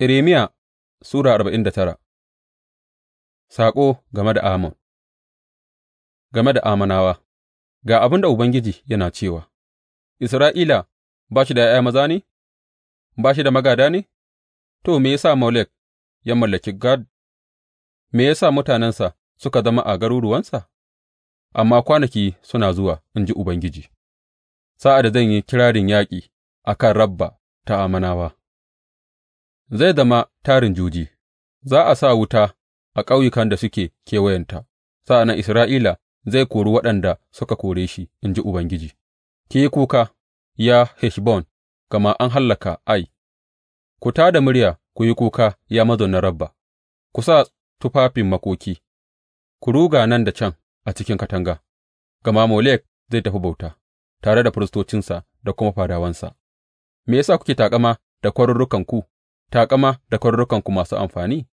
Irmiya Sura arba'in da tara Saƙo game da Amon Game da Amonawa Ga abin da Ubangiji yana cewa, Isra'ila ba shi da ’ya'ya maza ne, ba shi da magada ne, to, me ya sa Molek ya mallaki Gad, me ya sa mutanensa suka zama a garuruwansa? Amma kwanaki suna zuwa, in ji Ubangiji, sa'ad da zan yi kirarin yaƙi a kan Rabba ta Amonawa. zai zama tarin juji, za a sa wuta a ƙauyukan da suke kewayenta, sa'an nan Isra'ila zai kori waɗanda suka kore shi, in ji Ubangiji. Ki yi kuka, ya Heshbon, gama an hallaka Ai, ku tā da murya ku yi kuka, ya mazaunan Rabba, ku sa tufafin makoki, ku ruga nan da can a cikin katanga, gama Molek zai tafi bauta, tare da firistocinsa da kuma fadawansa. Me ya sa kuke taƙama da kwarurrukanku? taƙama da kwarurukanku masu amfani?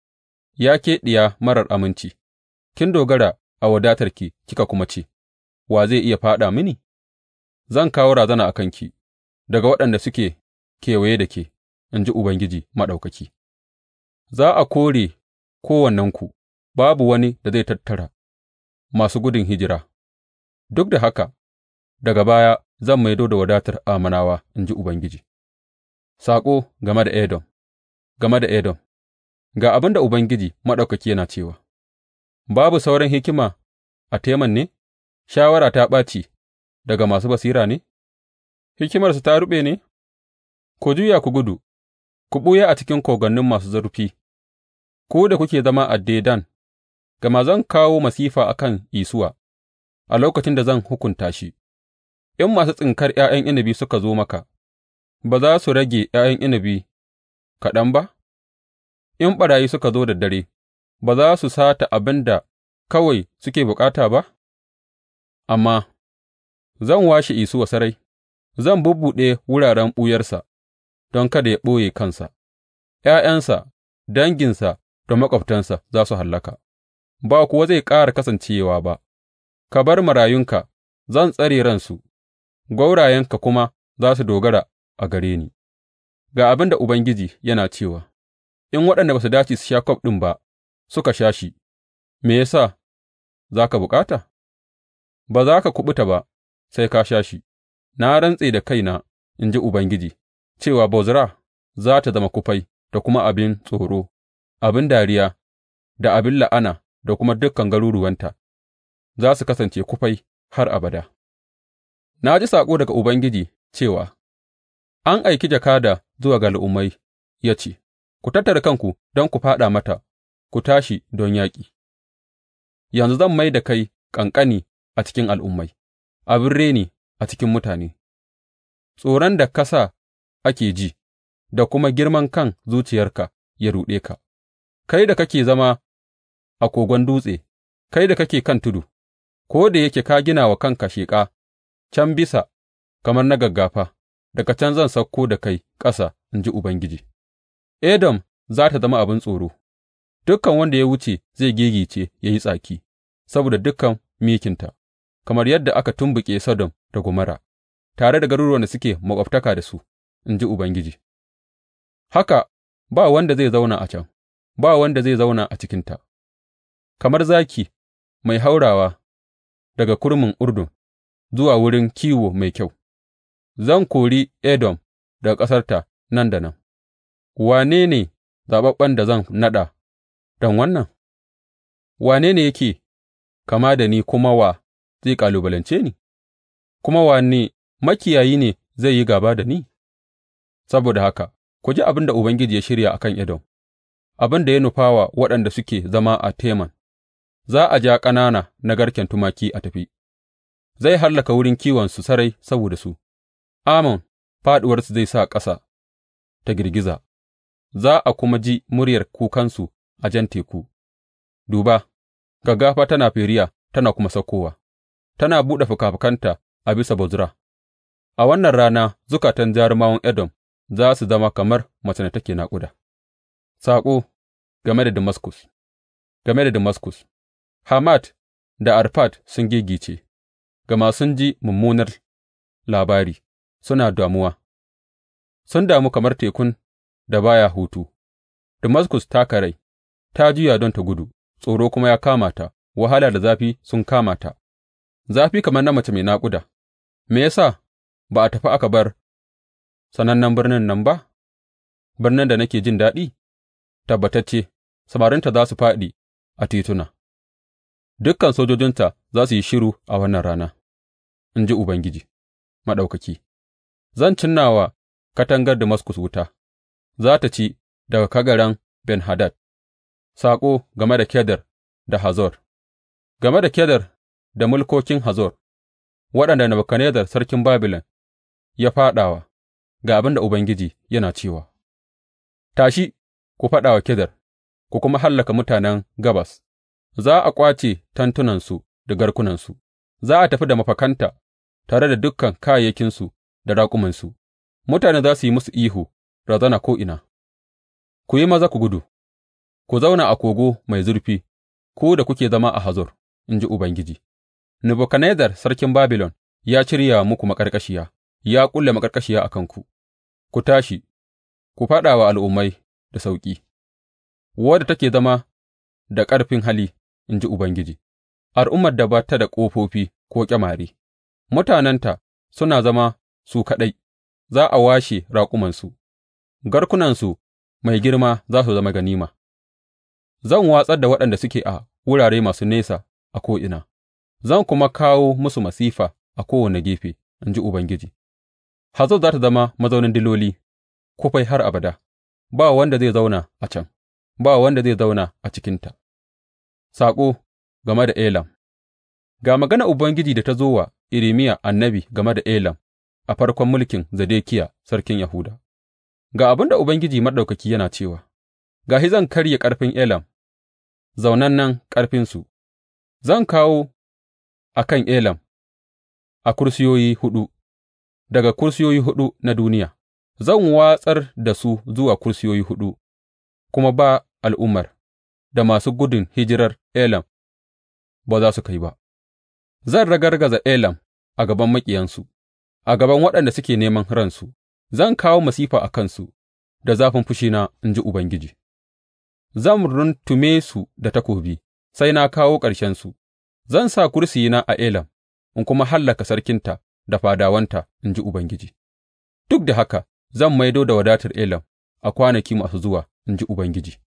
Ya ke diya marar aminci, kin dogara a wadatarki kika kuma ce, Wa zai iya fāɗa mini? Zan kawo razana a kanki daga waɗanda suke kewaye da ke, in ji Ubangiji Maɗaukaki. Za a kore kowannenku, babu wani da zai tattara masu gudun hijira, duk da haka, daga baya zan maido da wadatar amanawa in ji Ubangiji. Saƙo game da Edom. game da Edom Ga abin da Ubangiji Maɗaukaki yana cewa, Babu sauran hikima a Teman ne, shawara ta ɓaci daga masu basira ne, hikimarsu ta ruɓe ne, ku juya ku gudu, ku ɓuya a cikin kogannin masu zurfi, ku da kuke zama a Dedan, gama zan kawo masifa a kan Isuwa a lokacin da zan hukunta shi, in masu tsinkar ’ya'yan inabi suka zo maka, ba za su rage ’ya'yan inabi kaɗan ba? In ɓarayi suka zo da dare, ba za su sata abin da kawai suke bukata ba? Amma zan washe Isuwa sarai, zan bubbuɗe wuraren ɓuyarsa don kada ya ɓoye kansa, ’ya'yansa, danginsa da maƙwabtansa za su hallaka, ba kuwa zai ƙara kasancewa ba, ka bar marayunka, zan tsare ransu, gwaurayenka kuma za su dogara a gare ni. Ga abin da Ubangiji yana cewa, In waɗanda ba su dace su sha kwaf ɗin ba suka sha shi, me ya sa za ka bukata? Ba za ka kuɓuta ba sai ka sha shi, na rantse da kaina, in ji Ubangiji, cewa Bozra za ta zama kufai da kuma abin tsoro, abin dariya da abin la'ana da kuma dukkan garuruwanta za su kasance kufai har abada. Na ji saƙo daga Ubangiji cewa. An aiki jakada zuwa ga al'ummai ya ce, Ku tattara kanku don ku fāɗa mata, ku tashi don yaƙi; yanzu zan mai da kai ƙanƙani a cikin al'ummai, abin reni a cikin mutane, tsoron da ka sa ake ji da kuma girman kan zuciyarka ya ruɗe ka, kai da kake zama a kogon dutse, kai da kake kan tudu, ko da yake ka gina wa kanka sheƙa can bisa kamar na gaggafa. Daga can zan sauko da kai ƙasa, in ji Ubangiji, Edom za ta zama abin tsoro; dukan wanda ya wuce zai giggice ya yi tsaki saboda dukan mikinta, kamar yadda aka tumɓuke Sodom da gumara, tare da garuruwan da suke maƙwabtaka da su, in ji Ubangiji. Haka ba wanda zai zauna a can, ba wanda zai zauna a cikinta, kamar zaki mai haurawa daga kurmin Urdun zuwa wurin kiwo mai kyau. Zan kori Edom daga ƙasarta nan da nan, wane ne zaɓaɓɓen da zan naɗa don wannan? Wane ne yake kama da ni kuma wa zai ƙalubalance ni, kuma wane makiyayi ne zai yi gaba da ni? Saboda haka ku ji abin da Ubangiji ya shirya a kan Edom, abin da ya nufa wa waɗanda suke zama a Teman, za a ja ƙanana na garken tumaki a tafi, zai hallaka wurin kiwonsu sarai saboda su. faɗuwar fāɗuwarsu zai sa ƙasa ta girgiza, za a kuma ji muryar kukansu a Jan Teku, Duba, gaggafa tana firiya tana kuma saukowa, tana buɗe fikafikanta a bisa Bozra; a wannan rana zukatan jarumawan Edom za su zama kamar mace da take naƙuda. Saƙo game da Damascus. Game da Damaskus, Hamat da Arfad sun giggice, gama sun ji mummunar labari. suna damuwa, sun damu kamar tekun da ba ya hutu, Damaskus ta karai, ta juya don ta gudu, tsoro kuma ya kama ta, wahala da zafi sun kama ta, zafi kamar na mace mai naƙuda, me ya sa ba a tafi aka bar sanannen birnin nan ba, birnin da nake jin daɗi? Tabbatacce, samarinta za su faɗi a tituna, Dukkan sojojinta za su yi shiru a wannan rana, in ji Ubangiji Maɗaukaki. Zan cinna wa katangar Damaskus wuta, za tă ci daga kagaran Ben Hadad. Saƙo game da Kedar da Hazor Game da Kedar da mulkokin Hazor, waɗanda Nebukadnezzar sarkin Babilon ya fāɗawa, ga abin da Ubangiji yana cewa, Tashi, ku faɗa wa Kedar, ku kuma hallaka mutanen gabas, za a ƙwace tantunansu da garkunansu, za a tafi da mafakanta tare da dukkan kayayyakinsu da raƙumansu, mutane za su yi musu ihu, razana ko'ina, ku yi maza ku gudu, ku zauna a kogo mai zurfi, ku da kuke zama a Hazor, in ji Ubangiji. Nebukadnezzar sarkin Babilon ya cirya muku maƙarƙashiya, ya ƙulla maƙarƙashiya a kanku, ku tashi, ku faɗa wa al'ummai da sauƙi, wadda take zama da ƙarfin hali, in ji Ubangiji, al'ummar da ba ta da ƙofofi ko ƙyamare, mutanenta suna zama su kaɗai, za a washe raƙumansu, garkunansu mai girma za su zama ganima, zan watsar da waɗanda suke a wurare masu nesa a ko'ina, zan kuma kawo musu masifa a kowane gefe, in ji Ubangiji. Hazor za ta zama mazaunin diloli, kufai har abada, ba wanda zai zauna a can, ba wanda zai zauna a cikinta. Saƙo game da Elam Ga magana Ubangiji da ta zo wa Irimiya annabi game da Elam a farkon mulkin Zedekiya sarkin Yahuda. Ga abin da Ubangiji Maɗaukaki yana cewa, ga hi zan karye ƙarfin Elam, nan ƙarfinsu, zan kawo a kan Elam a kursiyoyi huɗu, daga kursiyoyi huɗu na duniya, zan watsar da su zuwa kursiyoyi huɗu, kuma ba al'ummar da masu gudun hijirar Elam ba za su kai ba, zan ragargaza Elam a gaban maƙiyansu. A gaban waɗanda suke neman ransu zan kawo masifa a kansu da zafin fushina, in ji Ubangiji; zan runtume su da takobi sai na kawo ƙarshensu, zan sa kursiyina a Elam in kuma hallaka sarkinta da fadawanta, in ji Ubangiji; duk da haka zan maido da wadatar Elam a kwanaki masu zuwa, in ji Ubangiji.